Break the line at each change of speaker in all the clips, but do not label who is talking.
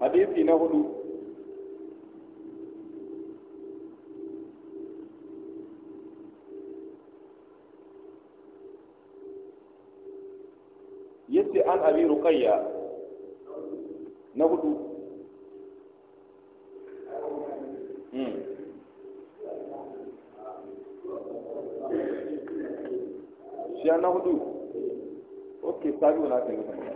hadisi na hudu yace an abi ruqayya na hudu shi na hudu ok sabi wani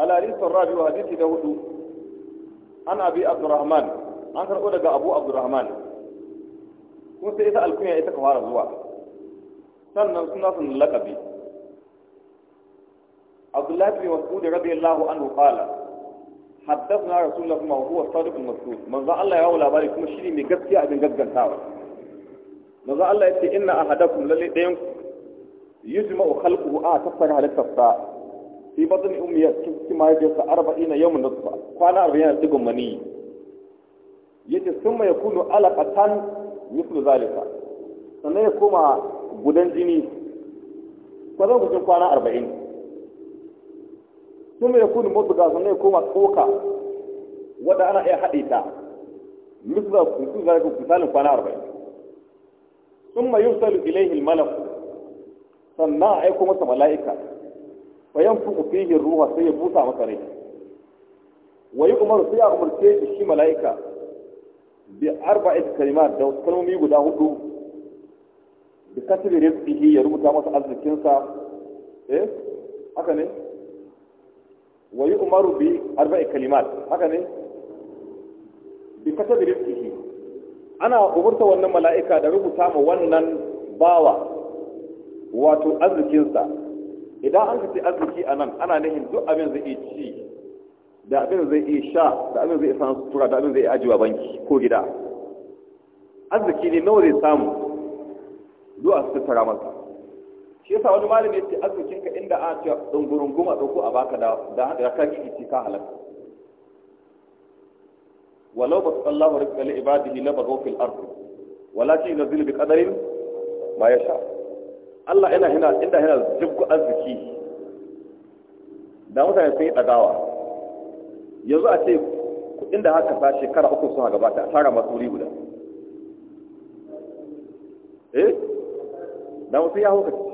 الحديث الرابع وحديث داود عن أبي عبد الرحمن عن كرؤو دقى أبو عبد الرحمن kun sai ita alkunya ita ka fara zuwa sannan suna sun laƙabi abdullahi bin mas'ud radiyallahu anhu qala haddathna rasulullah kuma huwa sadiq al-mas'ud manzo Allah ya wa labari kuma shine mai gaskiya abin gaskantawa manzo Allah yace inna ahadakum lalle dayan yujma'u khalquhu a tafsara halittarsa fi batun umiyar cikin mahaifiyarsa arba'ina yawon da tufa kwana arba'in yana digon mani yace sun mai kunu alaƙatan mislu zalika sannan ya koma gudan jini kwanan gudun kwana arba'in sun mai kunu mutuga sannan ya koma tsoka wadda ana haɗe ta mislu zalika misalin kwana arba'in sun mai yusalu ilaihi sannan a aiko masa mala'ika fa yanfu fihi ruha sai ya busa masa rai wa umaru sai ya umarce shi shi mala'ika bi arba'at kalimat da kalmomi guda hudu bi kasri rizqihi ya rubuta masa arzikin sa eh haka ne wa umaru bi arba'i kalimat haka ne bi kasri rizqihi ana umarta wannan mala'ika da rubuta ma wannan bawa wato arzikin sa idan an fiti arziki a nan ana nufin duk abin zai iya ci da abin zai iya sha da abin zai iya samun sutura da abin zai iya ajiwa banki ko gida arziki ne nawa zai samu duk a tara masa shi yasa wani malami ya ce arzikin ka inda a ce dungurunguma ɗauko a baka da da ka ci ka halaka walau ba su Allah rikali ibadihi la bagaw fil ardh walakin yunzilu bi qadarin ma yasha' Allah yana hina inda hina jibgu arziki da mutane sun yi ɗagawa yanzu a ce kuɗin da haka sa shekara uku sun gabata a tara masu wuri guda eh da mutum ya hukaci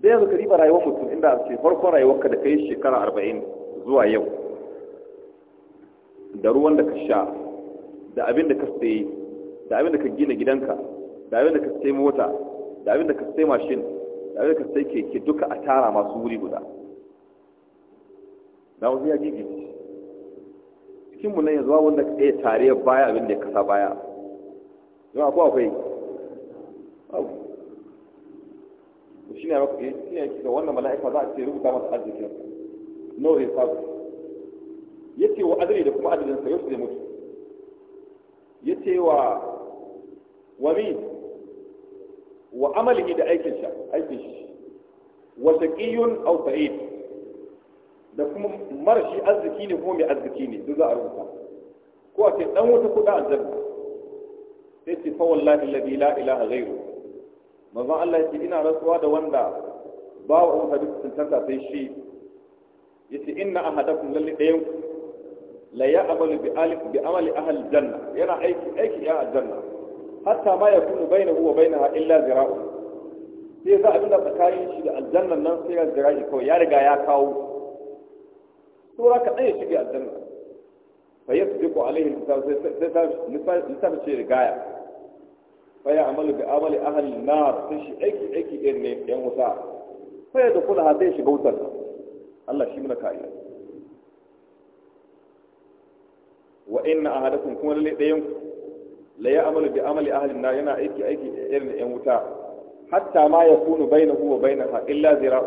da yanzu ka riba rayuwar mutum inda ce farkon rayuwarka da ka yi shekara arba'in zuwa yau da ruwan da ka sha da abin da ka sayi da abin da ka gina gidanka da abin da ka sayi mota da abin da ka sai mashin da abin da ka sai keke duka a tara masu wuri guda na wasu ya gigi cikin mu nan yanzu ba wanda ka iya tare baya abin da ya kasa baya yau akwai akwai abu shi ne maka shi ne kika wannan mala'ika za a ce rubuta masa arzikin nawa ya sabu ya ce wa adali da kuma adalin sa yau su zai mutu ya ce wa wami wa amalihi da aikin sa aikin shi wa taqiyun da kuma marashi arziki ne kuma mai arziki ne duk za a rubuta ko a ce dan wata kuɗa aljanna sai ce fa wallahi alladhi la ilaha Allah ya ce ina rasuwa da wanda ba wa umma duk tantanta sai shi yace inna ahadakum lalli dayan la ya'malu bi alif janna yana aiki hatta ma ya kunu bai na huwa bai na illa zira'u sai za a abin tsakanin shi da aljannan nan sai ya zira'i kawai ya riga ya kawo sura kaɗan ya shiga aljanna fa ya su jiko alaihi sai ta ce rigaya fa ya amalu bi amali ahal na sun shi aiki aiki ɗin ne yan wuta fa ya dukula ha sai shiga wutar Allah shi muna kariya wa inna ahadakum kuma lalle ɗayan ku la ya amalu bi amali ahalin na yana aiki aiki irin yan wuta hatta ma ya kunu bainahu wa ha illa zira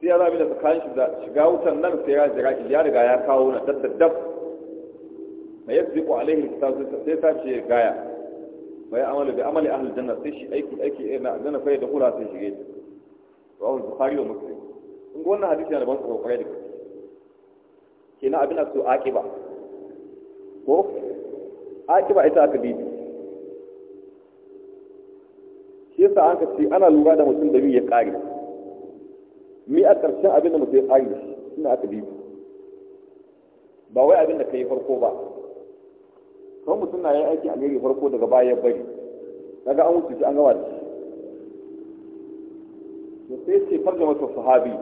sai ya zabi da tsakanin shi da shiga wutan nan sai ya zira ya riga ya kawo na daddadab ma yasbiqu alaihi ta sai ta ce gaya ma ya amalu bi amali ahlil janna sai shi aiki aiki irin aljanna fa da kula sai shige ta rawahu bukhari wa muslim in ga wannan hadisi yana da ban tsoro kwarai da gaske kenan abin a su aqiba ko akiba ita aka bibi shi yasa an ka ce ana lura da mutum da mi ya kare mi a ƙarshen abin da mutum ya kare shi ne aka bibi ba wai abin da ka yi farko ba kawai mutum na yin aiki a gari farko daga bayan ya bari daga an wuce shi an gama da shi sai ce farjama sahabi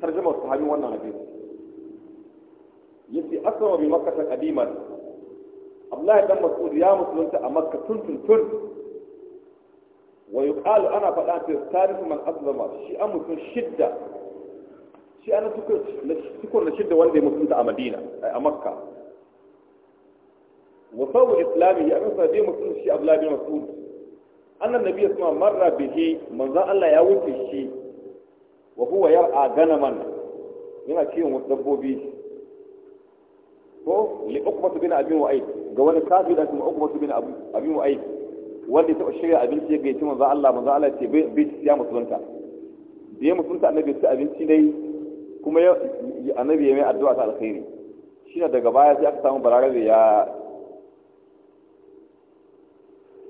tarjama sahabi wannan hadisi yace akrama bi makkah qadiman abdullahi dan mas'ud ya musulunta a makka tun tun tun wa yuqalu ana faɗa ta tarihi man aslama shi an mutum shidda shi ana tukur na shidda wanda ya musulunta a madina a makka wa sabu islami ya rasa dai musulunci shi abdullahi bin mas'ud annan nabi sama marra bihi manzon Allah ya wuce shi wa huwa yar'a ganaman yana ciwon wasu dabbobi li uqbatu bin abi mu'ayyid ga wani kafiri da kuma uqbatu bin abi mu'ayyid wanda ya taba shirya abinci ya gaici manzo Allah manzo Allah ce bai ci ya musulunta da ya musulunta annabi ya ci abinci dai kuma annabi ya mai addu'a ta alkhairi shine daga baya sai aka samu bararabe ya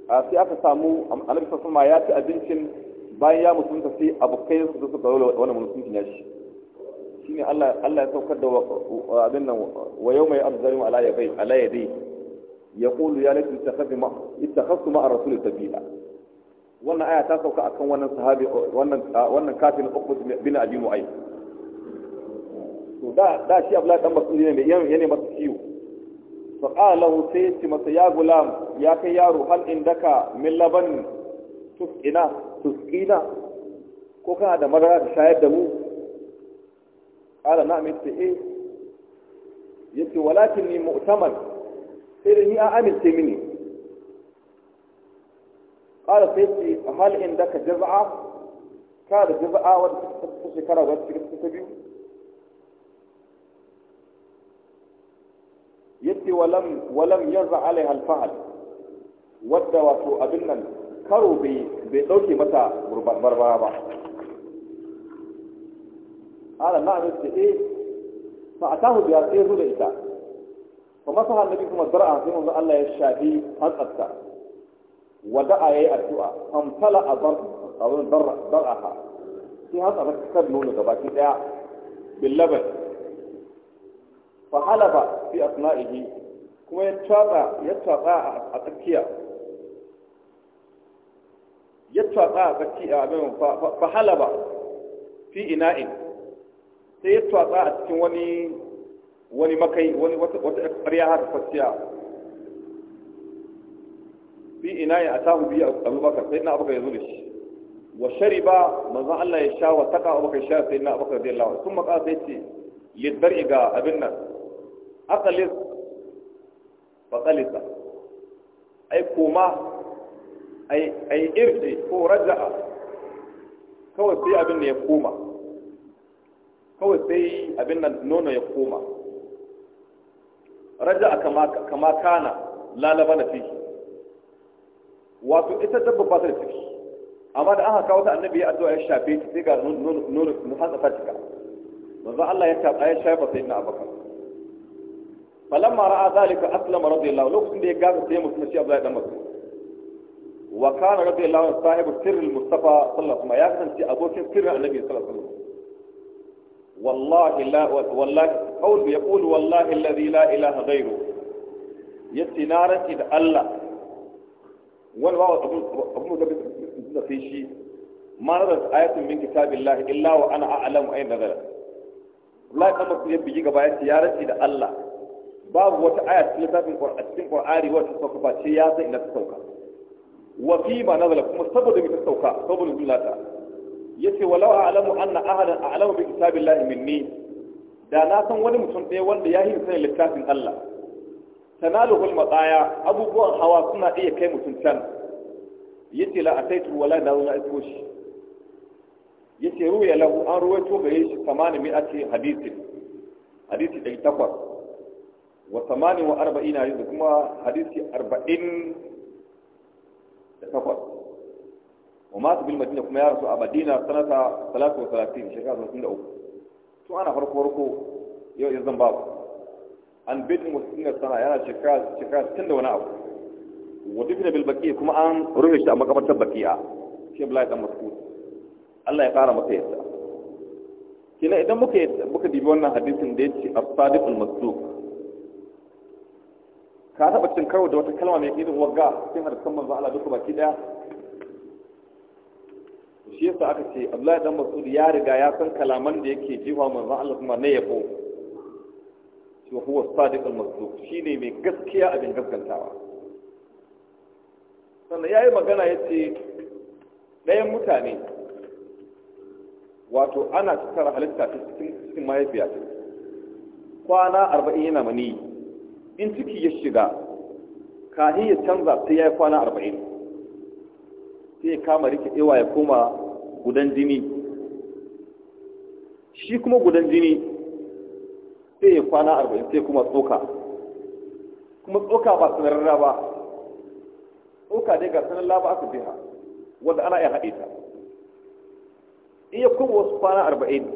a sai aka samu annabi sallallahu alaihi wasallam ya ci abincin bayan ya musulunta sai abokai su suka zo wani musulunci ya shi shine Allah ya saukar da abin nan wa yawma ya'zalimu ala yabai ala yadi yaqulu ya laitani ittakhadhu ma ittakhadhu ma'a rasul sabila wannan aya ta sauka akan wannan sahabi wannan wannan kafin ukhud bin abi mu'ayy da shi Abdullahi dan Mas'ud ne yana masa ciwo fa qala lahu sai ce masa ya gulam ya kai yaro hal in daka min laban tusqina tusqina ko kana da madara da shayar da mu ƙara na amince eh ya walakin ni mu'taman sai da ni an amince mini ƙara sai a halin daka ka jaza'a ka da jaza'a wadda ta shekara wadda ta biyu yace walam wadda wato abin nan karo bai bai mata barbara ba قال نعم انت ايه فأتاه بها ايه هدى إتا فمسها النبي كما درعها في منذ الله قد هنقدت ودعا يا الدعاء فامتلأ ضرعها في هنقدت كتب نون دباكي دعا باللبن فحلب في أثنائه كما يتشاطع يتشاطع أتكيا يتشاطع أتكيا فحلب في إناء sai ya tsatsa a cikin wani wani makai wani wata ƙarya haka fasiya fi ina ya atahu biya abubakar sai na abubakar ya zo da shi wa shariba manzon Allah ya sha wa taka abubakar sha sai na abubakar da Allah kuma ka sai ce dari ga abin nan aqalis qalisa ai koma ai ai irji ko raja'a kawai sai abin da ya koma kawai sai abin nan nono ya koma raja kama kana lalaba na fiki wato ita dabba ba ta da ciki amma da aka kawo ta annabi ya addu'a ya shafe ta sai ga nono nono hatsa ta cika manzo Allah ya taba ya shafa sai na abakar falamma ra'a zalika aslama radiyallahu lokacin da ya gaza sai musulmi shi Abdullahi dan Mas'ud wa kana radiyallahu sahibu sirril mustafa sallallahu alaihi wasallam ya kasance abokin sirrin annabi sallallahu alaihi wasallam والله لا والله قول يقول والله الذي لا إله غيره يتنارة إذا الله wani ba abin da da sai shi ma nazar ayatun min kitabillahi illa wa ana a'lamu ayin nazara Allah kan mutum ya bigi gaba ya ya race da Allah babu wata aya cikin littafin Qur'ani cikin Qur'ani wata sauka ba ce ya san ina ta sauka kuma saboda sauka saboda yace walau a'lamu anna ahadan a'lamu bi kitabillahi minni da na san wani mutum ɗaya wanda ya yi sanin littafin Allah tanaluhul matsaya abubuwan hawa suna iya kai mutum can yace la ataitu wala da wala isko shi yace ruya lahu an ruwaito gare shi kamani mi ake hadisi hadisi ɗari takwas wa samani wa arba'ina yanzu kuma hadisi arba'in da takwas wa masu bil madina kuma ya rasu a madina sanata salatu wa salatin shekara talatin da uku tun ana farko farko yau yanzu babu an bidin wasu sinar sana yana shekara sittin da wani abu wa dukkan bil bakiya kuma an rufe shi a makabartar bakiya shi bala dan mas'ud Allah ya kara masa yadda kina idan muka muka dibi wannan da ka da wata kalma mai irin wagga cikin hadisan manzo Allah duka baki shi yasa aka ce Abdullahi dan Mas'ud ya riga ya san kalaman da yake jiwa manzon Allah kuma ne yabo to huwa sadiq al-masduq shine mai gaskiya abin gaskantawa sannan yayi magana yace ɗayan mutane wato ana tattara halitta ta cikin mahaifiya ta kwana arba'in yana mani in ciki ya shiga kahin ya canza sai ya yi kwana arba'in sai kama rike ewa ya koma gudan jini shi kuma gudan jini sai ya kwana arba'in sai kuma tsoka kuma tsoka ba sanarra ba tsoka dai ga sanar laba aka biya wanda ana iya haɗe ta iya kuma wasu kwana arba'in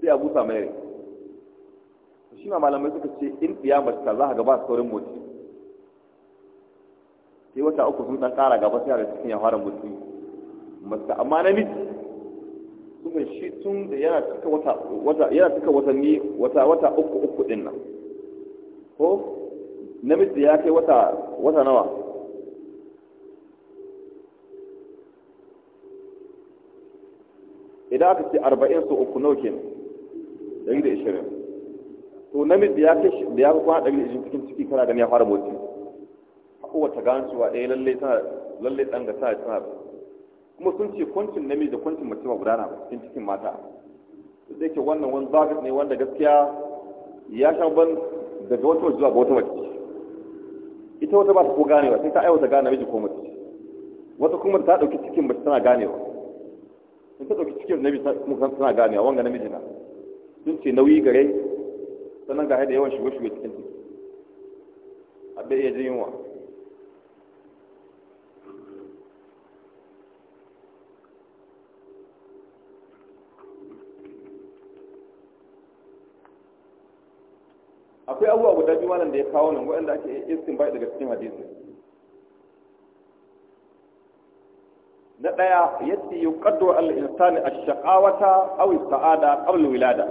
sai a busa mai rai shi ma malamai suka ce in mace ta za a gaba saurin motsi sai wata uku sun ɗan ƙara gaba sai a da cikin ya fara mutum Masu amma namiji sun shi tun da yana cika wata wata yana cika watanni wata wata uku uku din nan ko namiji ya kai wata wata nawa idan aka ce arba'in su uku nawa kenan dari da ishirin to namiji ya kai da ya kwana dari da ishirin cikin ciki kana gani ya fara motsi kowace gansuwa ɗaya eh, lalle tana lalle ɗan ga sa tana kuma sun ce kwancin namiji da kwancin mace ba gudana ba cikin cikin mata da yake wannan wani zagat ne wanda gaskiya ya sha ban daga wata waje zuwa ga wata mace ita wata ba ta ko ganewa sai ta aiwata gane namiji ko mace wata kuma ta ɗauki cikin mace tana ganewa in ta ɗauki cikin namiji kuma tana ganewa wanga namiji na sun ce nauyi gare sannan ga da yawan shigo-shigo cikin ciki a iya jin yunwa akwai abubuwa guda biyu malam da ya kawo nan waɗanda ake iskin bai daga cikin hadisi na ɗaya yadda ya yi ƙaddo al'insani a shaƙawata awi sa'ada ƙabla wilada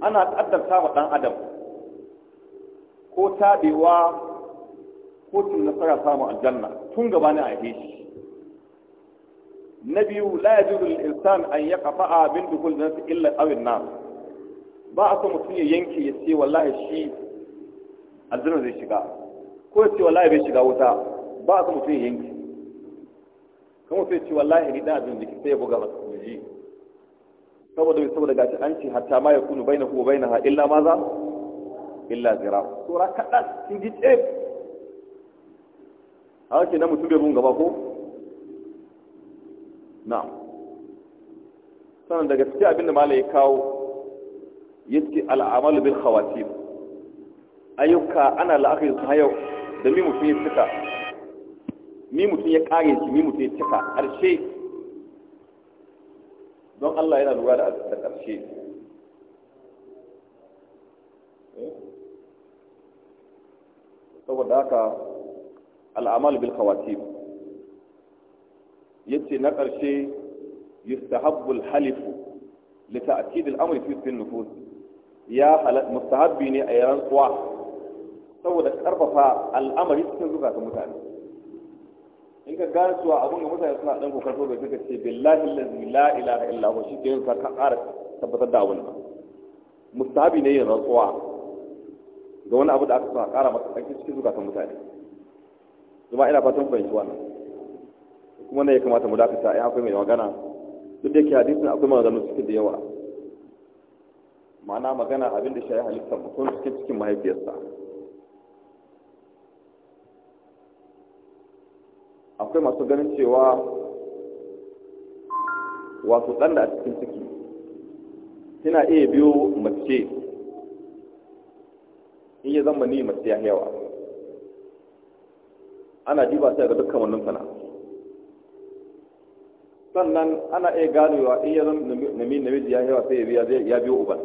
ana ƙaddarta ma ɗan adam ko taɓewa ko cin nasara samun aljanna tun gaba ne a shi na biyu la yajuzu lil insani an yaqta'a min dukhul jannati illa awin nar ba a kan mutum ya yanke ya ce wallahi shi aljanna zai shiga ko ya ce wallahi bai shiga wuta ba a kan mutum ya yanke kuma sai ce wallahi ni dan aljanna zai sai ya buga masa kuji saboda mai saboda gashi an ce hatta ma ya kunu bai na kuma bai na ha illa maza illa zira tura kaɗa sun ji ce a wace na mutum bai mun gaba ko na Sannan daga cikin abinda da ya kawo yace al'amalu bil khawatim ayyuka ana la'akari su hayau da mi mutum ya cika mi mutum ya kare shi mi mutum ya cika ƙarshe don Allah yana lura da ƙarshe eh? saboda haka al'amal bil khawatim yace na ƙarshe yustahabbul halifu li ta'kid al-amri fi nufus ya halatta mustahabbi ne a yaran tsuwa saboda karfafa al'amari cikin ta mutane in ka gane cewa abin da mutane suna dan kokar da suka ce billahi allazi la ilaha illa huwa shike yin ka ƙara tabbatar da abin mustahabi ne yin rantsuwa ga wani abu da aka sa ƙara masa tsaki cikin ta mutane kuma ina fatan fahimci wannan kuma ne ya kamata mu dakata ai akwai mai magana duk da yake hadisin akwai maganganu suke da yawa ma'ana magana abin da shi ya halitta mutum cikin cikin mahaifiyarsa akwai masu ganin cewa wato ɗan da a cikin ciki tana iya biyo mace in yi zama ni mace ya yawa ana diba sai ga dukkan wannan fana sannan ana iya ganewa in ya zama namiji ya yawa sai ya biya zai ya biyo uban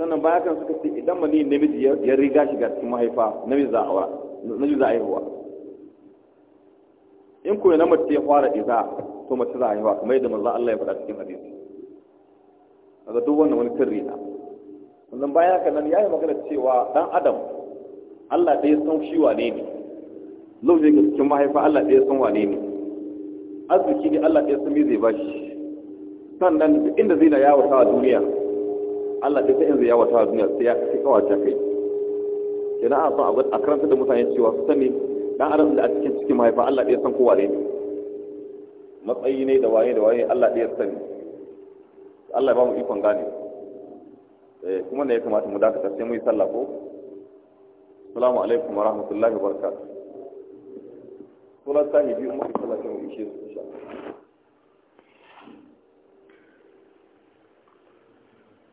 sannan bayan kan suka ce idan mani namiji ya riga shiga cikin mahaifa na za a aura namiji za in ko na mace ya fara iza to mace za a kamar yadda manzo Allah ya faɗa cikin hadisi kaga duk wannan wani sirri na sannan bayan haka nan yayi magana cewa dan adam Allah ɗaya san shi wane ne lauje ga cikin mahaifa Allah ɗaya san wane ne arziki ne Allah ɗaya san me zai bashi sannan inda zai na yawo ta duniya Allah duk yanzu ya wata duniya sai ya kai kawace kai kenan a san a karanta da mutane cewa su sani dan adam da a cikin cikin mahaifa Allah ɗaya san kowa ne matsayi ne da waye da waye Allah ɗaya sani Allah ba mu ikon gane eh, kuma ne ya kamata mu dakata sai mu yi sallah ko assalamu alaikum wa rahmatullahi wa barakatuh sunan sahibi umar sallallahu alaihi wa sallam